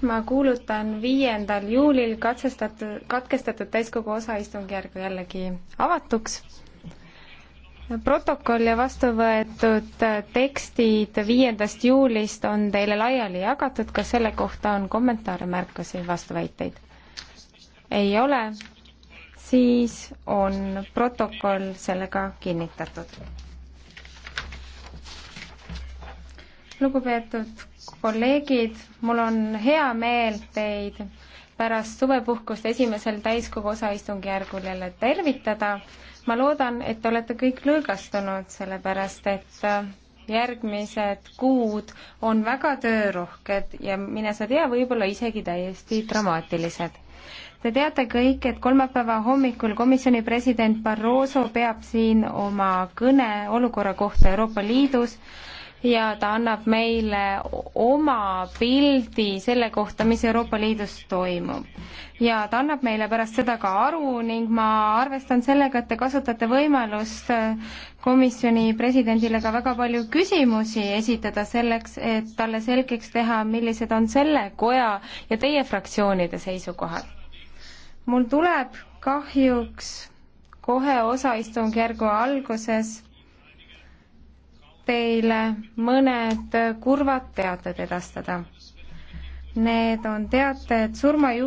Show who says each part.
Speaker 1: ma kuulutan viiendal juulil katsestatud, katkestatud täiskogu osaistungjärgu jällegi avatuks. protokoll ja vastu võetud tekstid viiendast juulist on teile laiali jagatud, kas selle kohta on kommentaare, märkusi, vastuväiteid? ei ole, siis on protokoll sellega kinnitatud lugupeetud kolleegid, mul on hea meel teid pärast suvepuhkust esimesel täiskogu osaistungjärgul jälle tervitada. ma loodan, et te olete kõik lõõgastunud, sellepärast et äh, järgmised kuud on väga töörohked ja mine sa tea, võib-olla isegi täiesti dramaatilised. Te teate kõik, et kolmapäeva hommikul komisjoni president Barroso peab siin oma kõne olukorra kohta Euroopa Liidus ja ta annab meile oma pildi selle kohta, mis Euroopa Liidus toimub. ja ta annab meile pärast seda ka aru ning ma arvestan sellega, et te kasutate võimalust äh, komisjoni presidendile ka väga palju küsimusi esitada selleks, et talle selgeks teha, millised on selle koja ja teie fraktsioonide seisukohad. mul tuleb kahjuks kohe osaistungjärgu alguses teile mõned kurvad teated edastada. Need on teated surmajuhtumite